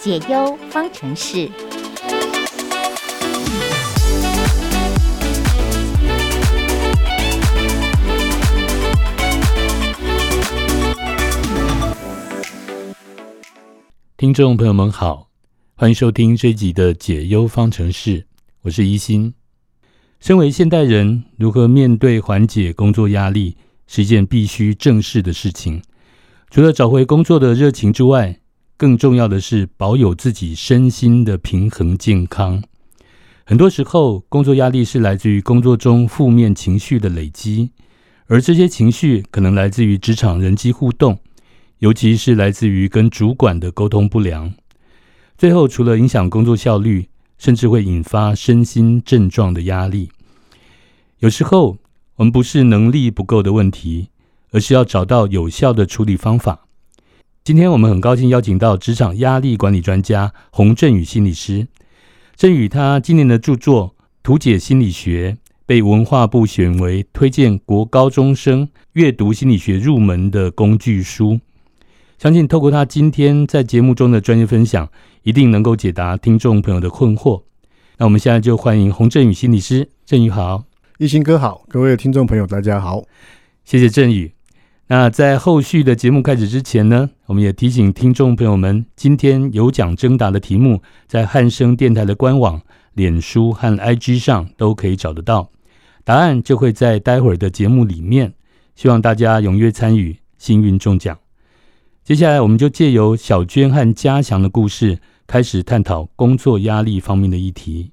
解憂方程式。聽眾朋友們好，歡迎收聽這一集的解憂方程式。我是亦欣。身為現代人，如何面對、緩解工作壓力，是一件必須正視的事情。除了找回工作的熱情之外，更重要的是保有自己身心的平衡健康。很多時候，工作壓力是來自於工作中負面情緒的累積，而這些情緒可能來自於職場人際互動，尤其是來自於跟主管的溝通不良。最後，除了影響工作效率，甚至會引發身心症狀的壓力。有時候，我們不是能力不夠的問題。而是要找到有效的處理方法。今天我們很高興邀請到職場壓力管理專家洪震宇心理師。震宇他今年的著作《圖解心理學》被文化部選為推薦國高中生閱讀心理學入門的工具書。相信透過他今天在節目中的專業分享，一定能夠解答聽眾朋友的困惑。那我們現在就歡迎洪震宇心理師。震宇好。亦欣哥好，各位聽眾朋友大家好。謝謝震宇。那在後續的節目開始之前呢，我們也提醒聽眾朋友們，今天有獎徵答的題目在漢聲電台的官網、臉書和 IG 上都可以找得到，答案就會在待會兒的節目裡面。希望大家踴躍參與，幸運中獎。接下來，我們就借由小娟和嘉祥的故事，開始探討工作壓力方面的議題。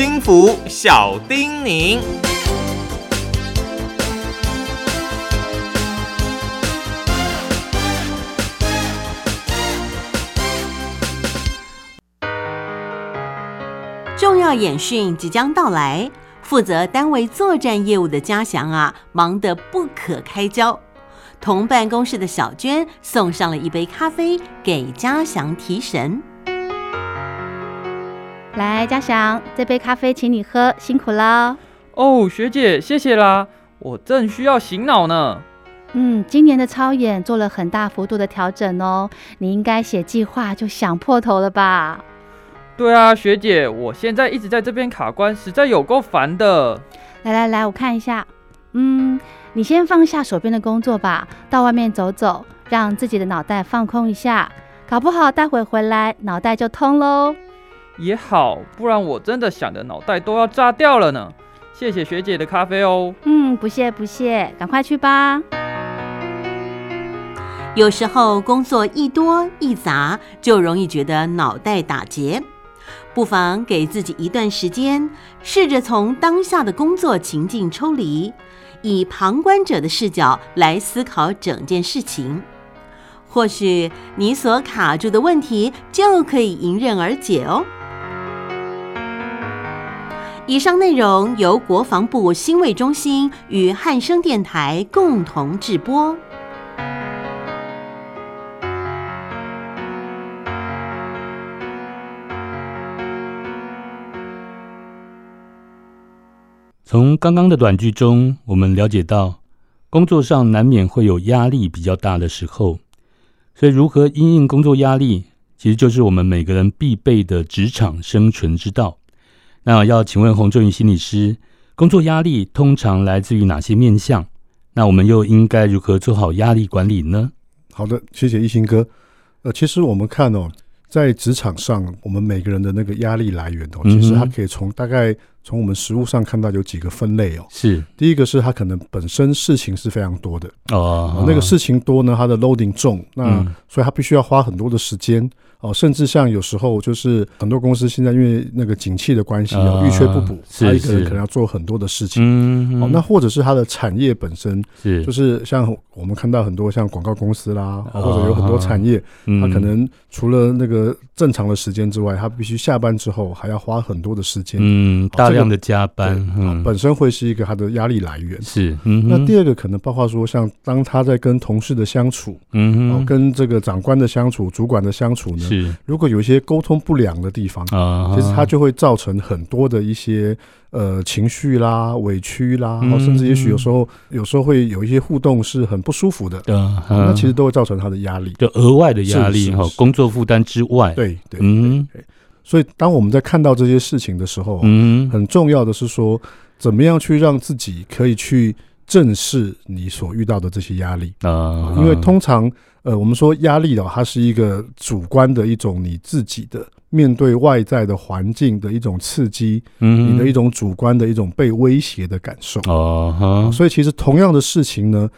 幸福小叮嚀，重要演訓即將到來，負責單位作戰業務的嘉祥啊，忙得不可開交。同辦公室的小娟送上了一杯咖啡給嘉祥提神。來，嘉祥，這杯咖啡請你喝，辛苦了。哦，學姐，謝謝啦，我正需要醒腦呢。嗯，今年的操演做了很大幅度的調整哦，你應該寫計劃就想破頭了吧？對啊，學姐，我現在一直在這邊卡關，實在有夠煩的。來來來，我看一下。嗯，你先放下手邊的工作吧，到外面走走，讓自己的腦袋放空一下，搞不好待會回來，腦袋就通嘍。也好，不然我真的想的腦袋都要炸掉了呢。謝謝學姐的咖啡哦。嗯，不謝不謝，趕快去吧。有時候工作一多一雜，就容易覺得腦袋打結，不妨給自己一段時間，試着從當下的工作情境抽離，以旁觀者的視角來思考整件事情，或許你所卡住的問題就可以迎刃而解哦。以上內容由國防部心衛中心與漢聲電台共同製播。從剛剛的短劇中，我們了解到，工作上難免會有壓力比較大的時候，所以如何因應工作壓力，其實就是我們每個人必備的職場生存之道。那要請問洪震宇心理師，工作壓力通常來自於哪些面向？那我們又應該如何做好壓力管理呢？好的，謝謝亦欣哥。呃，其實我們看哦，在職場上，我們每個人的那個壓力來源哦，嗯、其實它可以從大概從我們實務上看到有幾個分類哦。是，第一個是他可能本身事情是非常多的哦，那個事情多呢，他的 loading 重，那、嗯、所以他必須要花很多的時間。哦，甚至像有時候就是很多公司現在因為那個景氣的關係啊，遇、哦、缺不補，他一個人可能要做很多的事情。嗯，哦，那或者是他的產業本身是，就是像我們看到很多像廣告公司啦，或者有很多產業，他、哦、可能除了那個正常的時間之外，他、嗯、必須下班之後還要花很多的時間、嗯，大量的加班、這個，嗯、本身會是一個他的壓力來源。是，那第二個可能包括說，像當他在跟同事的相處，嗯,嗯、哦，然後跟這個長官的相處、主管的相處呢？是，如果有一些溝通不良的地方啊、uh-huh，其實它就會造成很多的一些呃情緒啦、委屈啦，然、嗯、後甚至也許有時候、嗯、有時候會有一些互動是很不舒服的，uh-huh 哦、那其實都會造成他的壓力，就額外的壓力哈，工作負擔之外，對對，對，對，嗯，所以當我們在看到這些事情的時候，嗯，很重要的是說，怎麼樣去讓自己可以去。正視你所遇到的這些壓力啊，uh -huh. 因為通常，呃，我們說壓力的話、喔，它是一個主觀的一種你自己的面對外在的環境的一種刺激，嗯、uh -huh.，你的一種主觀的一種被威脅的感受哦，uh -huh. 所以其實同樣的事情呢，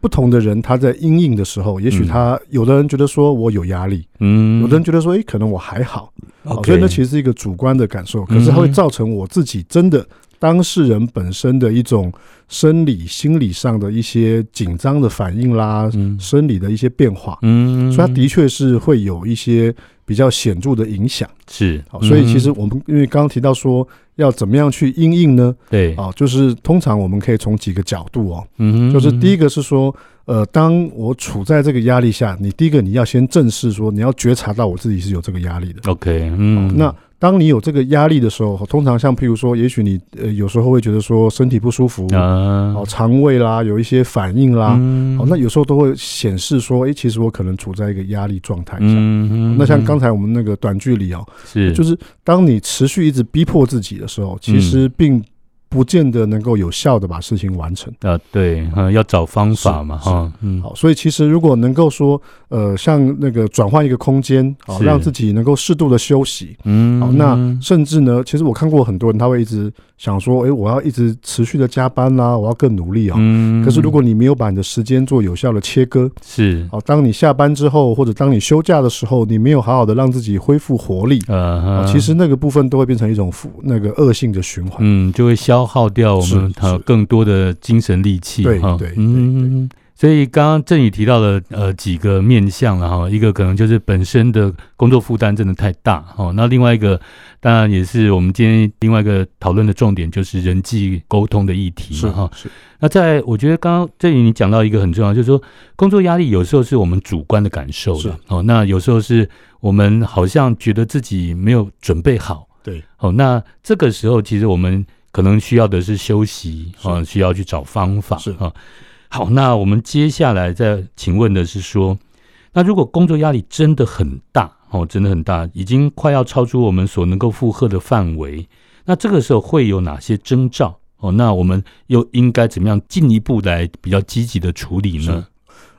不同的人他在因應的時候，也許他、uh -huh. 有的人覺得說我有壓力，嗯、uh -huh.，有的人覺得說，誒、欸，可能我還好，okay. 所以那其實是一個主觀的感受，可是它會造成我自己真的。當事人本身的一種生理、心理上的一些緊張的反應啦、嗯，生理的一些變化，嗯，嗯，所以它的確是會有一些比較顯著的影響。是、嗯，所以其實我們因為剛剛提到說要怎麼樣去因應對呢？對，啊，就是通常我們可以從幾個角度哦、喔嗯，嗯，就是第一個是說，呃，當我處在這個壓力下，你第一個你要先正視說，你要覺察到我自己是有這個壓力的。OK，嗯，啊、那。當你有這個壓力的時候，通常像譬如說，也許你呃有時候會覺得說身體不舒服啊，uh, 腸胃啦有一些反應啦，嗯、那有時候都會顯示說，哎、欸、其實我可能處在一個壓力狀態下。那像剛才我們那個短距離啊，就是當你持續一直逼迫自己的時候，其實並。不見得能夠有效的把事情完成啊，對，嗯、啊，要找方法嘛，哈、啊，嗯，好，所以其實如果能夠說，呃，像那個轉換一個空間，好，讓自己能夠適度的休息，嗯，好，那甚至呢，其實我看過很多人，他會一直。想說，哎，欸，我要一直持續的加班啦，啊，我要更努力啊。嗯，可是如果你沒有把你的時間做有效的切割，是哦，啊，當你下班之後，或者當你休假的時候，你沒有好好的讓自己恢復活力，啊，啊，其實那個部分都會變成一種那個惡性的循環，嗯，就會消耗掉我們是是更多的精神力氣，對對，對，對嗯。對對對所以剛剛震宇提到了呃幾個面向了哈，一個可能就是本身的工作負擔真的太大哦，那另外一個當然也是我們今天另外一個討論的重點，就是人際溝通的議題是哈、哦、那在我覺得剛剛震宇你講到一個很重要，就是說工作壓力有時候是我們主觀的感受的是哦，那有時候是我們好像覺得自己沒有準備好對哦，那這個時候其實我們可能需要的是休息啊、哦，需要去找方法是、哦好，那我們接下來再請問的是說，那如果工作壓力真的很大，哦，真的很大，已經快要超出我們所能夠負荷的範圍，那這個時候會有哪些徵兆？哦，那我們又應該怎麼樣進一步來比較積極的處理呢？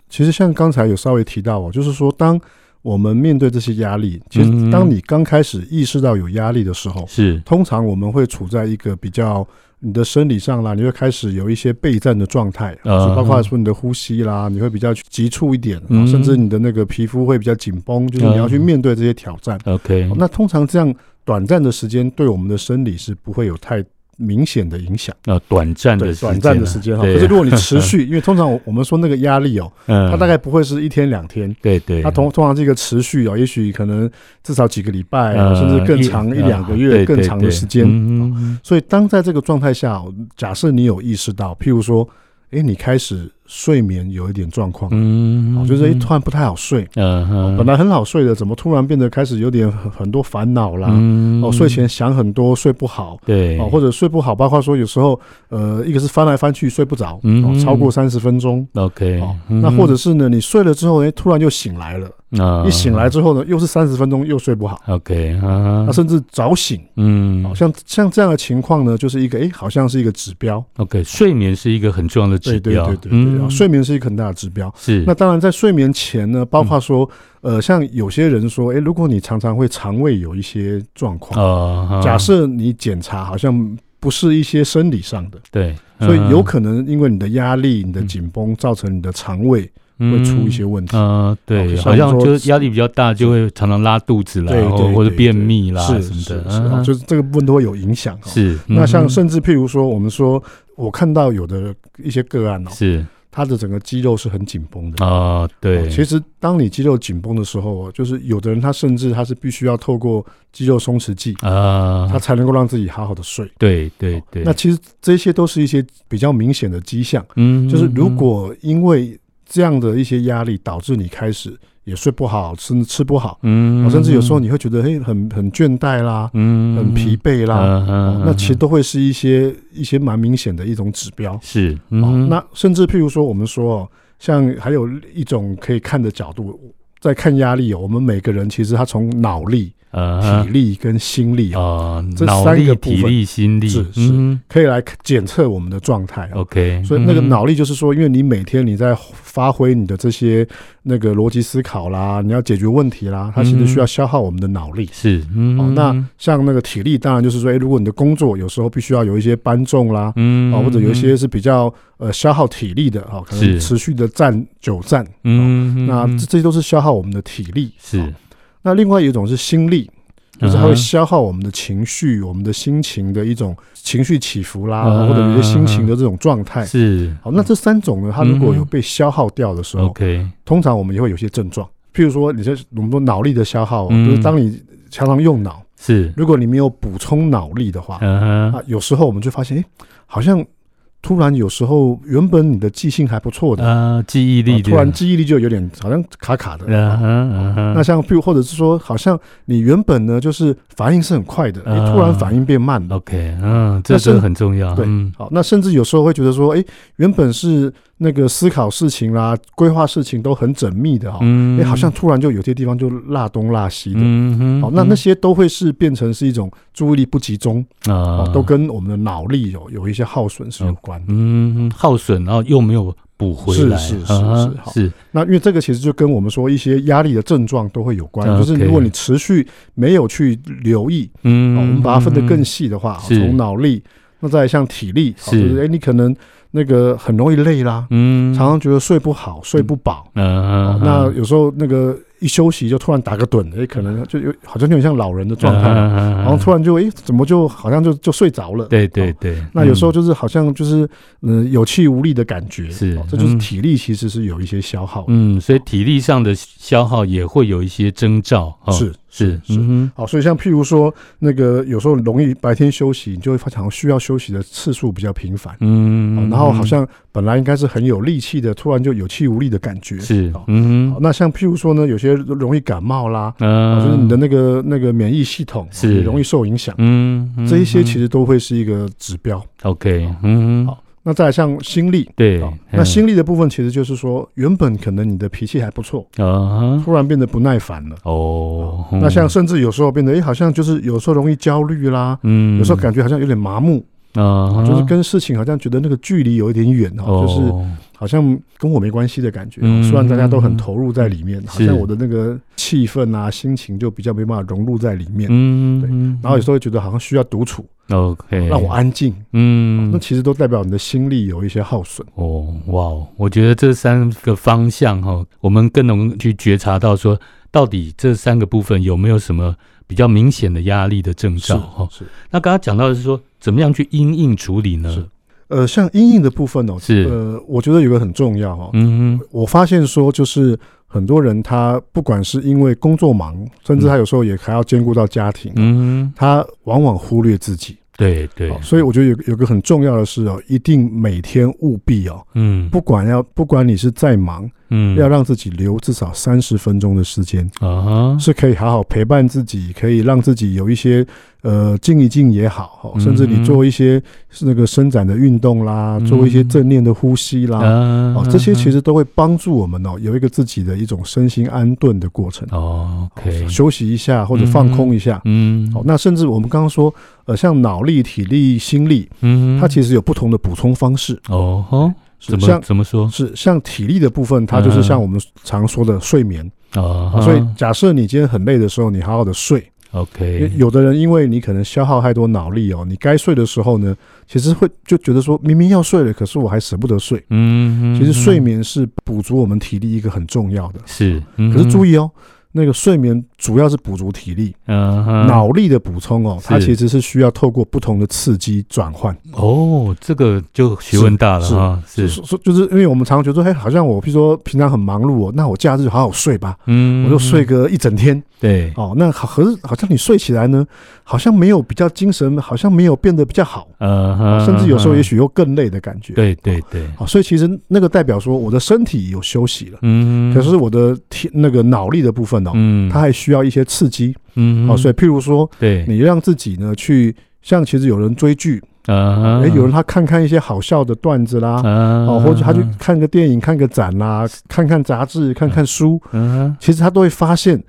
其實像剛才有稍微提到哦，就是說，當我們面對這些壓力，其實當你剛開始意識到有壓力的時候，嗯、是通常我們會處在一個比較。你的生理上啦，你會開始有一些備戰的狀態，啊，包括說你的呼吸啦，你會比較急促一點，喔，甚至你的那個皮膚會比較緊繃，就是你要去面對這些挑戰，喔。OK，那通常這樣短暫的時間對我們的生理是不會有太。明顯的影響、啊，短暫的短暫的時間哈，對啊、可是如果你持續，因為通常我們說那個壓力哦， 嗯、它大概不會是一天兩天，對、嗯、對，它通通常這個持續哦，也許可能至少幾個禮拜、啊，嗯、甚至更長一、嗯、兩個月更長的時間，嗯，所以當在這個狀態下，假設你有意識到，譬如說，哎，你開始。睡眠有一點狀況，嗯，哦、就是一突然不太好睡，嗯、哦，本來很好睡的，怎麼突然變得開始有點很多煩惱啦？嗯，哦，睡前想很多，睡不好，對、嗯，哦，或者睡不好，包括說有時候，呃，一個是翻來翻去睡不着，嗯、哦，超過三十分鐘、嗯哦、OK，哦嗯、那或者是呢，你睡了之後，呢突然就醒來了，啊、嗯，一醒來之後呢，又是三十分鐘又睡不好，OK，嗯、啊，那甚至早醒，嗯，好、哦、像像這樣的情況呢，就是一個哎，好像是一個指標，OK，睡眠是一個很重要的指標，嗯、對對對對，對、嗯。嗯、睡眠是一個很大的指標。是，那當然在睡眠前呢，包括說，呃，像有些人說，欸，如果你常常會腸胃有一些狀況，假設你檢查好像不是一些生理上的，對，所以有可能因為你的壓力、你的緊繃造成你的腸胃會出一些問題啊。對，好像就是壓力比較大，就會常常拉肚子啦，或者便秘啦，是，是，是，是，嗯哦、就是這個部分都會有影響。是，那像甚至譬如說，我們說我看到有的一些個案哦，是。他的整個肌肉是很緊繃的啊、哦，對。其實，當你肌肉緊繃的時候，就是有的人他甚至他是必須要透過肌肉鬆弛劑啊、呃，他才能夠讓自己好好的睡。對對對、哦，那其實這些都是一些比較明顯的跡象。嗯，就是如果因為這樣的一些壓力導致你開始。也睡不好，甚至吃不好，嗯、嗯，嗯、甚至有時候你會覺得，嘿，很很倦怠啦，嗯、嗯，嗯、很疲憊啦、嗯、嗯、嗯、嗯、嗯、哦，那其實都會是一些一些蠻明顯的一種指標，是，嗯、嗯、嗯、哦，那甚至譬如說，我們說哦，像還有一種可以看的角度，在看壓力，我們每個人其實他從腦力。呃、uh -huh，體力跟心力啊、哦 uh，-huh、這三個部分、uh -huh、是，是，可以來檢測我們的狀態、哦。OK，、uh -huh、所以那個腦力就是說，因為你每天你在發揮你的這些那個邏輯思考啦，你要解決問題啦，它其實需要消耗我們的腦力、哦。Uh -huh、是，哦，那像那個體力，當然就是說，哎，如果你的工作有時候必須要有一些搬重啦，嗯，或者有一些是比較呃消耗體力的啊、哦，可能持續的站久站，嗯，那這些都是消耗我們的體力、哦。Uh -huh、是。那另外一種是心力，就是它會消耗我們的情緒、uh -huh. 我們的心情的一種情緒起伏啦，uh -huh. 或者有些心情的這種狀態。是、uh -huh.。好，那這三種呢，uh -huh. 它如果有被消耗掉的時候、uh -huh. okay. 通常我們也會有些症狀。譬如說，你說，我們說腦力的消耗，uh -huh. 就是當你常常用腦，是、uh -huh.，如果你沒有補充腦力的話，啊、uh -huh.，有時候我們就發現，哎、欸，好像。突然，有時候原本你的記性還不錯的，啊、uh,，記憶力、嗯、突然記憶力就有點好像卡卡的。Uh -huh, uh -huh. 嗯、那像譬如或者是說，好像你原本呢，就是反應是很快的，uh -huh. 你突然反應變慢了。Uh -huh. OK，、uh -huh. 嗯，這是、個、真的很重要。對、嗯，好，那甚至有時候會覺得說，哎、欸，原本是。那個思考事情啦、啊，規劃事情都很縝密的哈、哦嗯欸，好像突然就有些地方就落東落西的、嗯嗯，好，那那些都會是變成是一種注意力不集中啊、嗯，都跟我們的腦力有有一些耗損是有關的嗯嗯，嗯，耗損然後又沒有補回來，是是是是，好，是、嗯，那因為這個其實就跟我們說一些壓力的症狀都會有關，就是如果你持續沒有去留意，嗯，哦、我們把它分得更細的話，從腦力，那再來像體力，是，就是欸、你可能。那個很容易累啦，嗯，常常覺得睡不好，嗯、睡不飽嗯嗯、哦，嗯，那有時候那個一休息就突然打個盹，哎、嗯，可能就有好像有點像老人的狀態、嗯嗯，然後突然就哎，怎麼就好像就就睡着了，對對對、哦嗯，那有時候就是好像就是嗯有氣無力的感覺，是、嗯，這就是體力其實是有一些消耗的，嗯，所以體力上的消耗也會有一些徵兆，哦、是。是是,是好，所以像譬如說，那個有時候容易白天休息，你就會發現需要休息的次數比較頻繁，嗯、哦，然後好像本來應該是很有力氣的，突然就有氣無力的感覺，是，哦、嗯，那像譬如說呢，有些容易感冒啦，嗯啊、就是你的那個那個免疫系統是容易受影響、嗯，嗯，這一些其實都會是一個指標，OK，嗯，哦、好。那再來像心力，對、哦，那心力的部分其實就是說，原本可能你的脾氣還不錯，啊、Uh-huh.，突然變得不耐煩了，Uh-huh. 哦，那像甚至有時候變得、欸，好像就是有時候容易焦慮啦，嗯，有時候感覺好像有點麻木。啊、uh -huh.，就是跟事情好像覺得那個距離有一點遠哦，oh. 就是好像跟我沒關係的感覺。雖然大家都很投入在裡面，mm -hmm. 好像我的那個氣氛啊、心情就比較沒辦法融入在裡面。嗯、mm -hmm.，對。然後有時候覺得好像需要獨處，OK，讓我安靜。嗯，那其實都代表你的心力有一些耗損。哦，哇，我覺得這三個方向哈，我們更能去覺察到說，到底這三個部分有沒有什麼比較明顯的壓力的症狀。哈？是。那剛剛講到的是說。怎麼樣去因應處理呢？是呃，像因應的部分哦，是呃，我覺得有個很重要哈、哦。嗯，我發現說，就是很多人他不管是因為工作忙，甚至他有時候也還要兼顧到家庭，嗯，他往往忽略自己。對、嗯、對，所以我覺得有有個很重要的事哦，一定每天務必哦，嗯，不管要不管你是在忙。嗯，要讓自己留至少三十分鐘的時間啊，uh-huh. 是可以好好陪伴自己，可以讓自己有一些呃靜一靜也好，甚至你做一些那個伸展的運動啦，uh-huh. 做一些正念的呼吸啦，uh-huh. 哦，這些其實都會幫助我們哦，有一個自己的一種身心安頓的過程哦，uh-huh. 休息一下或者放空一下，嗯，uh-huh. 哦，那甚至我們剛剛說呃，像腦力、體力、心力，嗯，uh-huh.，它其實有不同的補充方式哦，uh-huh. 怎麼怎麼說？是像體力的部分，它就是像我們常說的睡眠。所以假設你今天很累的時候，你好好的睡。OK。有的人因為你可能消耗太多腦力哦，你該睡的時候呢，其實會就覺得說明明要睡了，可是我還捨不得睡。嗯。其實睡眠是補足我們體力一個很重要的。是。可是注意哦，那個睡眠。主要是補足體力，嗯、uh -huh,，腦力的補充哦，它其實是需要透過不同的刺激轉換。哦、oh,，這個就學問大了、啊、是是,是,是,是，就是因為我們常常覺得說，哎，好像我比如說平常很忙碌，哦，那我假日就好好睡吧，嗯、uh -huh.，我就睡個一整天。對、uh -huh.，哦，那可是好像你睡起來呢，好像沒有比較精神，好像沒有變得比較好，嗯、uh -huh.，甚至有時候也許又更累的感覺。Uh -huh. 哦、對對對、哦，所以其實那個代表說我的身體有休息了，嗯、uh -huh.，可是我的體那個腦力的部分哦，嗯、uh -huh.，它還需。需要一些刺激，嗯，好、哦，所以譬如說，對，你讓自己呢去像，其實有人追劇嗯、uh -huh. 欸，有人他看看一些好笑的段子啦，啊、uh -huh.，或者他去看個電影、看個展啦，uh -huh. 看看雜誌、看看書，嗯、uh -huh.，其實他都會發現。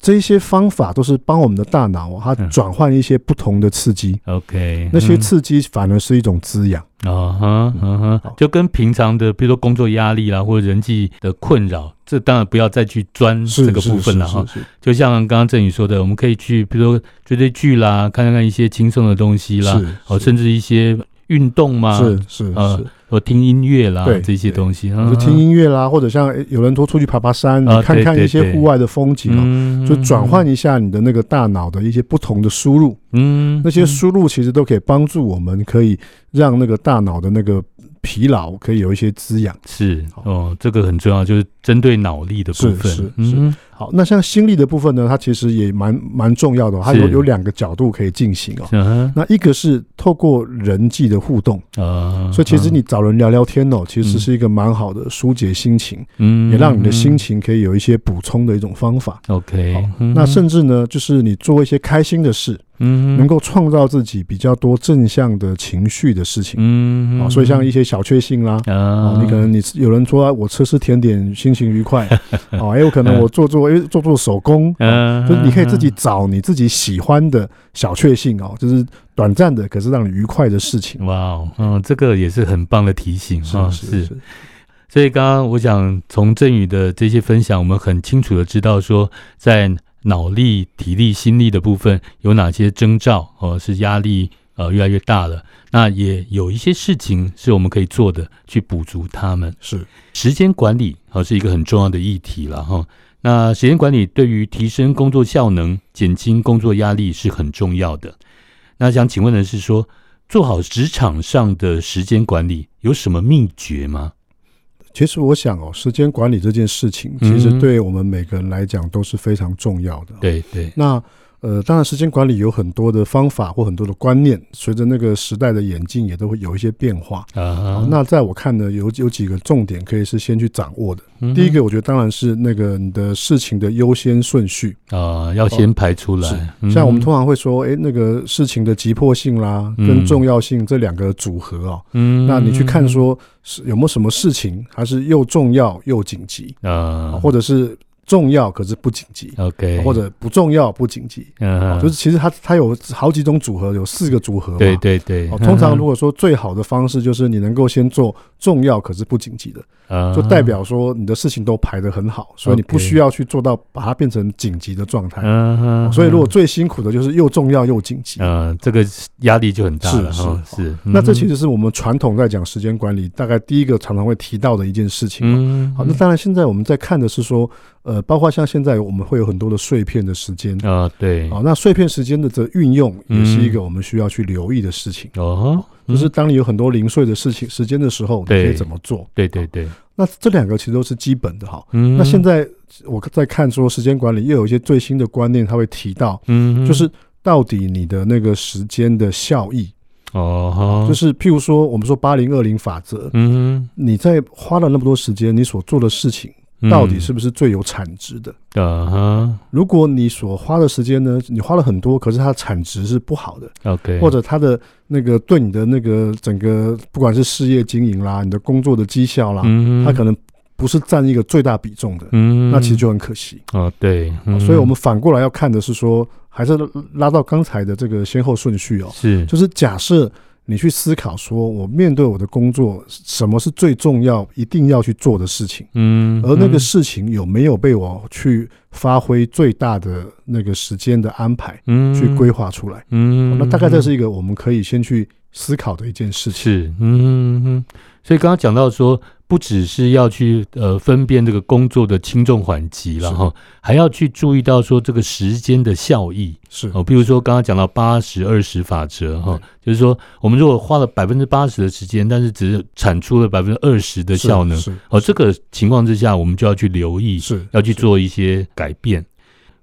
這些方法都是幫我們的大腦，它轉換一些不同的刺激。OK，嗯，那些刺激反而是一種滋養。啊哈啊哈，uh -huh, uh -huh, 就跟平常的，比如說工作壓力啦，或者人際的困擾，這當然不要再去鑽這個部分了哈。就像剛剛震宇說的，我們可以去，比如說追追劇啦，看看看一些輕鬆的東西啦，哦，甚至一些運動嘛。是是是。是呃或聽音樂啦，這些東西，或、啊、聽音樂啦，或者像有人多出去爬爬山，啊、看看一些戶外的風景，啊、就轉換一下你的那個大腦的一些不同的輸入，嗯，那些輸入其實都可以幫助我們，可以讓那個大腦的那個疲勞可以有一些滋養。是哦，這個很重要，就是針對腦力的部分，嗯。好，那像心力的部分呢？它其實也蠻蠻重要的，它有有兩個角度可以進行啊、哦。那一個是透過人際的互動啊、嗯，所以其實你找人聊聊天哦，嗯、其實是一個蠻好的疏解心情、嗯，也讓你的心情可以有一些補充的一種方法。OK，、嗯嗯、那甚至呢，就是你做一些開心的事，嗯，能夠創造自己比較多正向的情緒的事情，嗯，嗯哦、所以像一些小確幸啦、啊，啊、嗯哦嗯，你可能你有人說啊，我吃吃甜點心情愉快，啊、 哎，還有可能我做做。做做手工、uh -huh. 嗯，就是你可以自己找你自己喜歡的小確幸哦，就是短暫的，可是讓你愉快的事情。哇、wow,，嗯，這個也是很棒的提醒啊！嗯是，哦，是，是，是，是，所以剛剛我想從震宇的這些分享，我們很清楚的知道說，在腦力、體力、心力的部分有哪些徵兆哦，是壓力。呃，越來越大了。那也有一些事情是我們可以做的，去補足他們。是時間管理哦，是一個很重要的議題了哈。那時間管理對於提升工作效能、減輕工作壓力是很重要的。那想請問的是說，做好職場上的時間管理有什麼祕訣嗎？其實我想哦，時間管理這件事情，其實對我們每個人來講都是非常重要的。嗯、對,對對，那。呃，當然，時間管理有很多的方法或很多的觀念，隨着那個時代的演進，也都會有一些變化啊、uh -huh. 哦。那在我看呢，有有幾個重點可以是先去掌握的。Uh -huh. 第一個，我覺得當然是那個你的事情的優先順序啊、uh -huh. 哦，要先排出來。嗯 -huh. 像我們通常會說，哎、欸，那個事情的急迫性啦，跟重要性這兩個組合哦，uh、-huh. 嗯 -huh.，那你去看說有沒有什麼事情，還是又重要又緊急啊，uh -huh. 或者是？重要可是不緊急、Okay. 或者不重要不緊急，Uh-huh. 就是其實它它有好幾種組合，有四個組合嘛。對對對，Uh-huh. 通常如果說最好的方式就是你能夠先做。重要可是不緊急的，uh -huh. 就代表說你的事情都排得很好，okay. 所以你不需要去做到把它變成緊急的狀態。Uh -huh. 所以如果最辛苦的就是又重要又緊急，uh -huh. 啊，這個壓力就很大。是是，哦，是，是，嗯。那這其實是我們傳統在講時間管理，大概第一個常常會提到的一件事情。Uh -huh. 好，那當然現在我們在看的是說，呃，包括像現在我們會有很多的碎片的時間啊，對，uh -huh. 好，那碎片時間的這運用也是一個我們需要去留意的事情哦。Uh -huh. 就是當你有很多零碎的事情、嗯、時間的時候，你可以怎麼做？對對對對，那這兩個其實都是基本的哈、嗯。那現在我在看說時間管理又有一些最新的觀念，他會提到、嗯，就是到底你的那個時間的效益哦、嗯，就是譬如說我們說八零二零法則，嗯，你在花了那麼多時間，你所做的事情。到底是不是最有產值的？嗯、啊哈，如果你所花的時間呢，你花了很多，可是它的產值是不好的，OK，或者它的那個對你的那個整個不管是事業經營啦，你的工作的績效啦嗯嗯，它可能不是佔一個最大比重的，嗯、嗯，那其實就很可惜啊。對嗯嗯啊，所以我們反過來要看的是說，還是拉到剛才的這個先後順序哦，是，就是假設。你去思考，說我面對我的工作，什麼是最重要、一定要去做的事情？嗯，而那個事情有沒有被我去發揮最大的那個時間的安排，嗯，去規劃出來？嗯，那大概這是一個我們可以先去思考的一件事情，嗯嗯嗯嗯嗯。嗯，所以剛剛講到說。不只是要去呃分辨這個工作的輕重緩急了哈，還要去注意到說這個時間的效益是哦，譬如說剛剛講到八十二十法則哈、嗯，就是說我們如果花了百分之八十的時間，但是只是產出了百分之二十的效能是是哦，這個情況之下我們就要去留意，是要去做一些改變。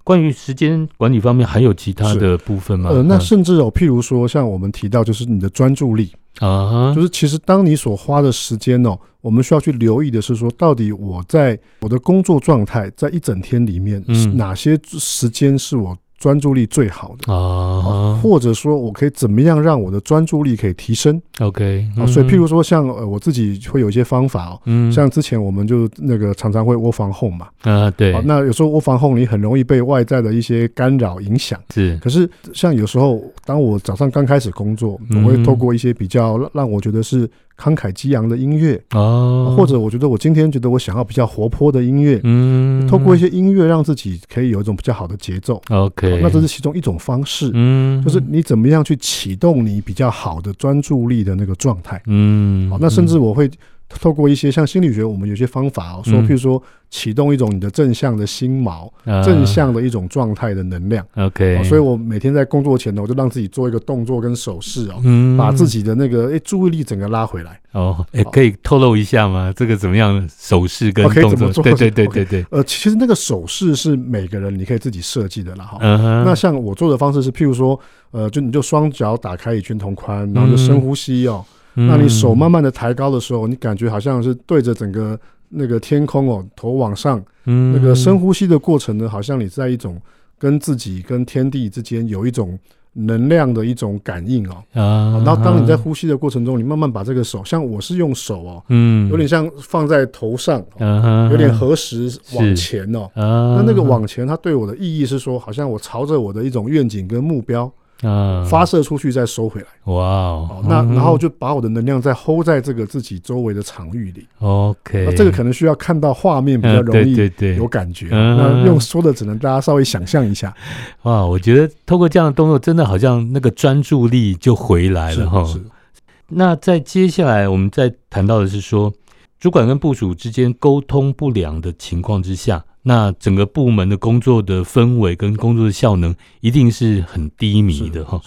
關於時間管理方面還有其他的部分嗎？呃，那甚至有、哦嗯、譬如說像我們提到就是你的專注力。啊、uh -huh.，就是其實當你所花的時間哦，我們需要去留意的是說，到底我在我的工作狀態，在一整天裡面，哪些時間是我。專注力最好的啊，或者說我可以怎麼樣讓我的專注力可以提升？OK，嗯嗯，所以譬如說像呃我自己會有一些方法哦，嗯，像之前我們就那個常常會 work from home 嘛，啊對，那有時候 work from home 你很容易被外在的一些干擾影響，是。可是像有時候當我早上剛開始工作嗯嗯，我會透過一些比較讓我覺得是。慷慨激昂的音樂，oh, 或者我覺得我今天覺得我想要比較活潑的音樂，嗯，透過一些音樂讓自己可以有一種比較好的節奏，OK，哦，那這是其中一種方式，嗯，就是你怎麼樣去啟動你比較好的專注力的那個狀態，嗯，哦，那甚至我會，嗯。透過一些像心理學，我們有些方法哦，說譬如說啟動一種你的正向的心錨、嗯，正向的一種狀態的能量。嗯、OK、哦、所以我每天在工作前呢，我就讓自己做一個動作跟手勢哦、嗯，把自己的那個、欸、注意力整個拉回來。哦，哎、欸，可以透露一下嗎？哦、這個怎麼樣？手勢跟動作？Okay, 對對對對、okay, 呃，其實那個手勢是每個人你可以自己設計的啦。哦、嗯，那像我做的方式是譬如說，呃，就你就雙腳打開與肩同寬，然後就深呼吸哦。嗯那你手慢慢的抬高的時候，嗯、你感覺好像是對着整個那個天空哦，頭往上、嗯，那個深呼吸的過程呢，好像你在一種跟自己跟天地之間有一種能量的一種感應哦啊。啊，然後當你在呼吸的過程中，你慢慢把這個手，像我是用手哦，嗯，有點像放在頭上、哦啊，有點合十往前哦、啊。那那個往前，它對我的意義是說，好像我朝着我的一種願景跟目標。啊、嗯，發射出去再收回來，哇、wow！那、嗯、然後就把我的能量再 hold 在這個自己周圍的場域裡。OK，啊、這個可能需要看到畫面比較容易、嗯，對，對對，有感覺。那、嗯、用說的只能大家稍微想象一下、嗯。哇，我覺得透過這樣的動作，真的好像那個專注力就回來了哈。那在接下來，我們在談到的是說，主管跟部屬之間溝通不良的情況之下。那整個部門的工作的氛圍跟工作的效能一定是很低迷的哈。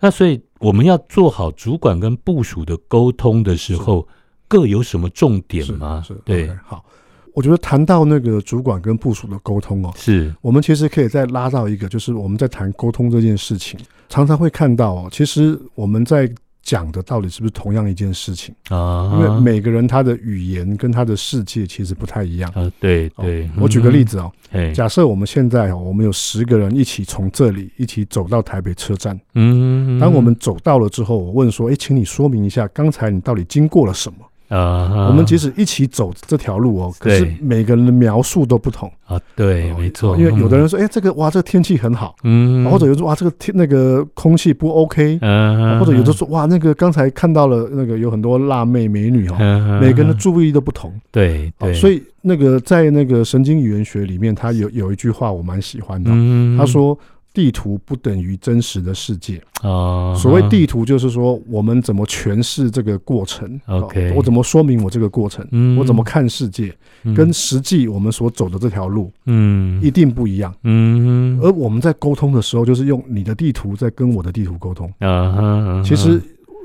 那所以我們要做好主管跟部屬的溝通的時候，各有什麼重點嗎？是，是對，okay, 好，我覺得談到那個主管跟部屬的溝通哦，是我們其實可以再拉到一個，就是我們在談溝通這件事情，常常會看到哦，其實我們在。講的到底是不是同樣一件事情啊？Uh-huh. 因為每個人他的語言跟他的世界其實不太一樣。啊、uh-huh. 哦，對對，我舉個例子啊、哦，uh-huh. 假設我們現在我們有十個人一起從這裡一起走到台北車站。嗯、uh-huh.，當我們走到了之後，我問說：“哎、欸，請你說明一下，剛才你到底經過了什麼？” Uh, uh, 我們即使一起走這條路哦，可是每個人的描述都不同啊。Uh, 對、哦，沒錯，因為有的人說，哎、嗯欸，這個哇，這個天氣很好，嗯，或者有的說，哇，這個天那個空氣不 OK，嗯、uh -huh.，或者有的說，哇，那個剛才看到了那個有很多辣妹美女哦。Uh-huh. 每個人的注意力都不同，uh -huh. 哦、對對、哦。所以那個在那個神經語言學裡面，他有有一句話我蠻喜歡的，uh -huh. 他說。地圖不等於真實的世界、uh -huh. 所謂地圖，就是說我們怎麼詮釋這個過程？OK，我怎麼說明我這個過程？Mm -hmm. 我怎麼看世界？Mm -hmm. 跟實際我們所走的這條路，嗯、mm -hmm.，一定不一樣。嗯、mm -hmm.，而我們在溝通的時候，就是用你的地圖在跟我的地圖溝通。啊、uh -huh.，uh -huh. 其實。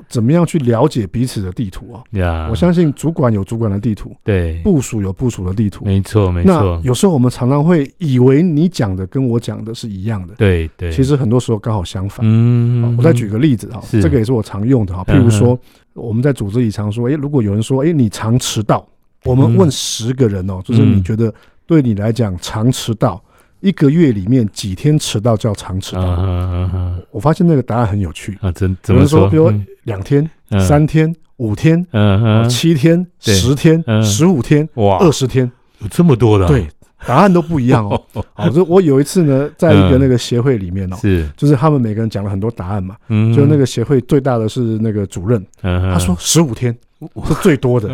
怎麼樣去了解彼此的地圖啊？Yeah, 我相信主管有主管的地圖，對，部屬有部屬的地圖，沒錯，沒錯。有時候我們常常會以為你講的跟我講的是一樣的，對對。其實很多時候剛好相反。嗯，哦、我再舉個例子啊、嗯哦，這個也是我常用的哈。譬如說、嗯，我們在組織裡常說，誒如果有人說誒，你常遲到，我們問十個人哦、嗯，就是你覺得對你來講、嗯、常遲到。一個月裡面幾天遲到叫常遲到？我發現那個答案很有趣啊！真怎麼說？比如說比如兩天、三天、五天、七天、十天、十五天、哇，二十天，有這麼多的？對，答案都不一樣。哦。好，我有一次呢，在一個那個協會裡面哦，是，就是他們每個人講了很多答案嘛，嗯，就是那個協會最大的是那個主任，他說十五天。是最多的，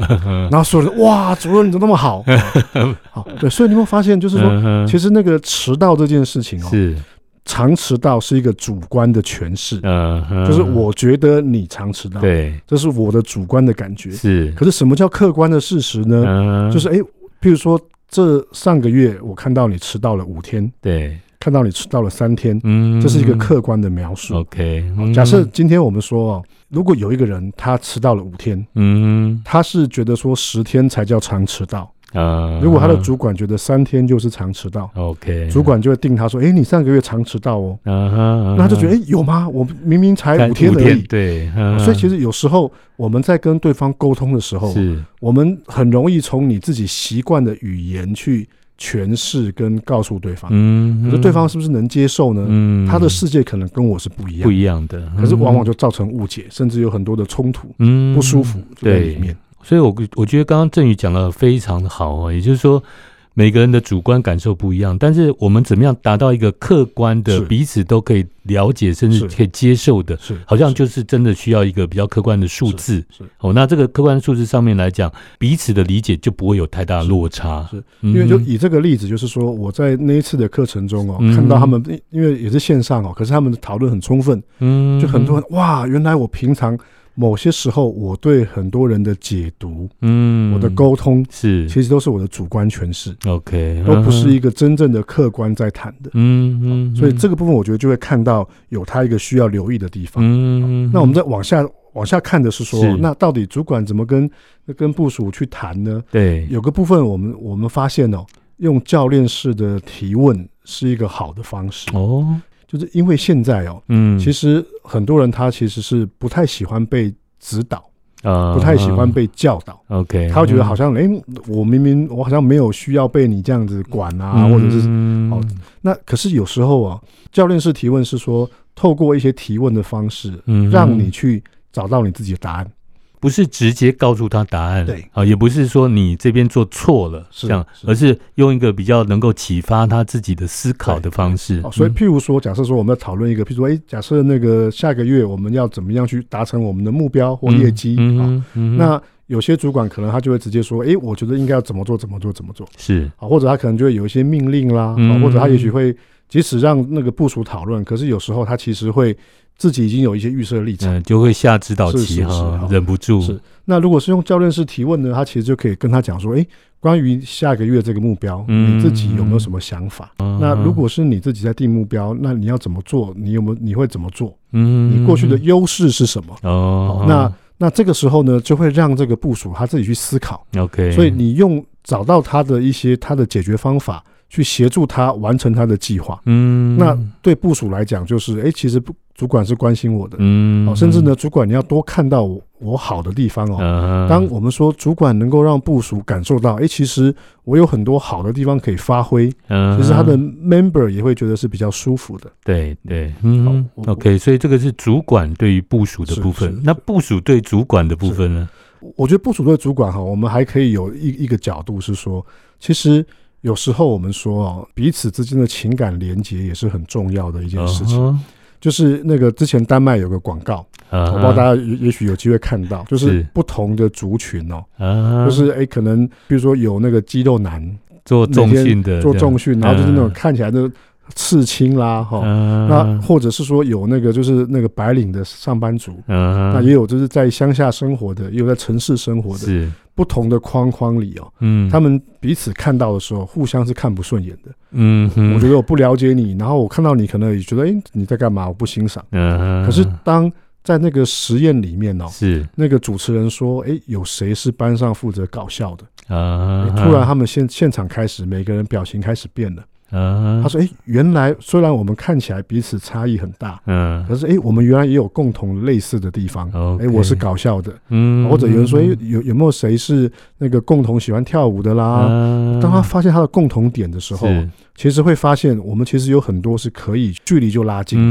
然後所有人哇，主任你怎麼那麼好， 好，對，所以你會發現就是說，uh -huh. 其實那個遲到這件事情哦，是常遲到是一個主觀的詮釋，嗯、uh -huh.，就是我覺得你常遲到，對、uh -huh.，這是我的主觀的感覺，是、uh -huh.。可是什麼叫客觀的事實呢？Uh -huh. 就是誒，譬如說這上個月我看到你遲到了五天，uh -huh. 對。看到你遲到了三天，嗯，這是一個客觀的描述。OK，、嗯、假設今天我們說哦，如果有一個人他遲到了五天，嗯，他是覺得說十天才叫常遲到啊、嗯。如果他的主管覺得三天就是常遲到，OK，、嗯、主管就會定他說，哎、嗯，你上個月常遲到哦，啊、嗯，那他就覺得哎、嗯，有嗎？我明明才五天而已，對、嗯。所以其實有時候我們在跟對方溝通的時候，是我們很容易從你自己習慣的語言去。詮釋跟告訴對方、嗯嗯，可是對方是不是能接受呢？嗯、他的世界可能跟我是不一樣的、不一樣的、嗯，可是往往就造成誤解，甚至有很多的衝突、嗯，不舒服在裡面。對、所以我我覺得剛剛震宇講的非常好啊、哦，也就是說。每個人的主觀感受不一樣，但是我們怎麼樣達到一個客觀的，彼此都可以了解，甚至可以接受的是是，好像就是真的需要一個比較客觀的數字。是，是哦，那這個客觀數字上面來講，彼此的理解就不會有太大落差。是，是因為就以這個例子，就是說我在那一次的課程中哦，看到他們因為也是線上哦，可是他們的討論很充分，嗯，就很多人哇，原來我平常。某些時候，我對很多人的解讀，嗯，我的溝通是，其實都是我的主觀詮釋，OK，uh-huh. 都不是一個真正的客觀在談的，嗯嗯、uh-huh. 哦，所以這個部分我覺得就會看到有他一個需要留意的地方，嗯嗯、uh-huh. 哦。那我們再往下往下看的是說，uh-huh. 那到底主管怎麼跟跟部屬去談呢？對，有個部分我們我們發現哦，用教練式的提問是一個好的方式哦。Oh. 就是因為現在哦，嗯，其實很多人他其實是不太喜歡被指導啊、嗯，不太喜歡被教導。OK，嗯、他會覺得好像，誒、嗯欸，我明明我好像沒有需要被你這樣子管啊，嗯，或者是哦，那可是有時候啊，教練式提問是說，透過一些提問的方式，嗯，讓你去找到你自己的答案。嗯不是直接告訴他答案，對啊，也不是說你這邊做錯了這樣是是，而是用一個比較能夠啟發他自己的思考的方式。哦、所以，譬如說、嗯，假設說我們要討論一個，譬如說，誒，假設那個下個月我們要怎麼樣去達成我們的目標或業績啊、嗯哦嗯？那有些主管可能他就會直接說，誒，我覺得應該要怎麼做，怎麼做，怎麼做？是啊，或者他可能就會有一些命令啦、嗯，或者他也許會即使讓那個部屬討論，可是有時候他其實會。自己已經有一些預設立場、嗯，就會下指導棋。哈、哦，忍不住。是，那如果是用教練式提問呢，他其實就可以跟他講說，哎，關於下個月這個目標，嗯、你自己有沒有什麼想法、嗯？那如果是你自己在定目標，那你要怎麼做？你有沒有你會怎麼做？嗯，你過去的優勢是什麼？哦、嗯嗯，那那這個時候呢，就會讓這個部署他自己去思考。OK，嗯、所以你用找到他的一些他的解決方法。去協助他完成他的計劃。嗯，那對部屬來講，就是誒、欸，其實主管是關心我的。嗯，哦、甚至呢、嗯，主管你要多看到我，我好的地方哦。當、啊、我們說主管能夠讓部屬感受到，誒、欸，其實我有很多好的地方可以發揮。嗯、啊，其實他的 member 也會覺得是比較舒服的。對對，嗯好，OK。所以這個是主管對於部屬的部分。那部屬對主管的部分呢？我覺得部屬對主管哈，我們還可以有一一個角度是說，其實。有時候我們說哦，彼此之間的情感連接也是很重要的一件事情。Uh -huh. 就是那個之前丹麥有個廣告，uh -huh. 我不知道大家也許有機會看到，就是不同的族群哦，uh -huh. 就是哎、欸，可能比如說有那個肌肉男、uh -huh. 那做重訓的，做重訓，然後就是那種看起來就。Uh -huh. 嗯刺青啦，哈、哦，uh -huh. 那或者是說有那個就是那個白領的上班族，uh -huh. 那也有就是在鄉下生活的，也有在城市生活的，不同的框框裡哦。嗯，他們彼此看到的時候，互相是看不順眼的。嗯、uh -huh.，我覺得我不了解你，然後我看到你，可能也覺得哎、欸、你在幹嘛？我不欣賞。嗯、uh -huh.，可是當在那個實驗裡面哦，是、uh -huh. 那個主持人說哎、欸、有誰是班上負責搞笑的、uh -huh. 欸、突然他們現現場開始每個人表情開始變了。Uh -huh. 他說：“誒、欸，原來雖然我們看起來彼此差異很大，嗯、uh -huh.，可是誒、欸，我們原來也有共同類似的地方。誒、uh -huh. 欸，我是搞笑的，嗯、okay.，或者有人說，誒、欸，有有沒有誰是那個共同喜歡跳舞的啦？Uh -huh. 當他發現他的共同點的時候，uh -huh. 其實會發現我們其實有很多是可以距離就拉近的。Uh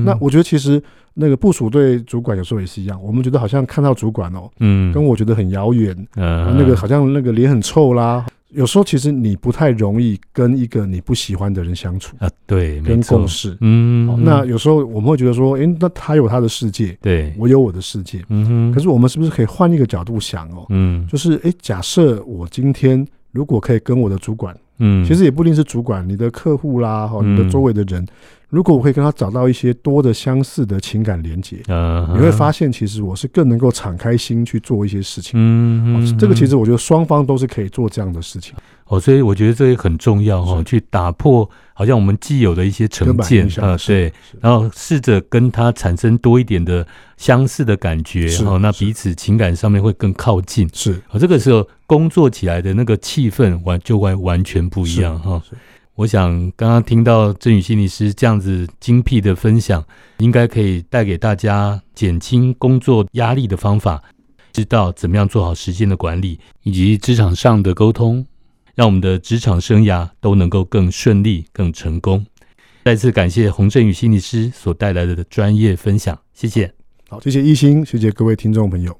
-huh. 那我覺得其實那個部署對主管有時候也是一樣，我們覺得好像看到主管哦，嗯、uh -huh.，跟我覺得很遙遠，嗯、uh -huh.，那個好像那個臉很臭啦。”有時候其實你不太容易跟一個你不喜歡的人相處啊，對，跟共事，嗯，那有時候我們會覺得說，誒、欸、那他有他的世界，對，我有我的世界，嗯哼，可是我們是不是可以換一個角度想哦，嗯，就是誒、欸、假設我今天如果可以跟我的主管，嗯，其實也不一定是主管，你的客戶啦，好，你的周圍的人。嗯嗯如果我可以跟他找到一些多的相似的情感連接、啊，你會發現其實我是更能夠敞開心去做一些事情。嗯嗯、哦，這個其實我覺得雙方都是可以做這樣的事情。嗯嗯嗯、哦，所以我覺得這也很重要哈、哦，去打破好像我們既有的一些成見啊，對，然後試着跟他產生多一點的相似的感覺。哦、那彼此情感上面會更靠近。是，哦、這個時候工作起來的那個氣氛完就完完全不一樣哈。我想剛剛聽到震宇心理師這樣子精闢的分享，應該可以帶給大家減輕工作壓力的方法，知道怎麼樣做好時間的管理以及職場上的溝通，讓我們的職場生涯都能夠更順利、更成功。再次感謝洪震宇心理師所帶來的的專業分享，謝謝。好，謝謝亦欣，謝謝各位聽眾朋友。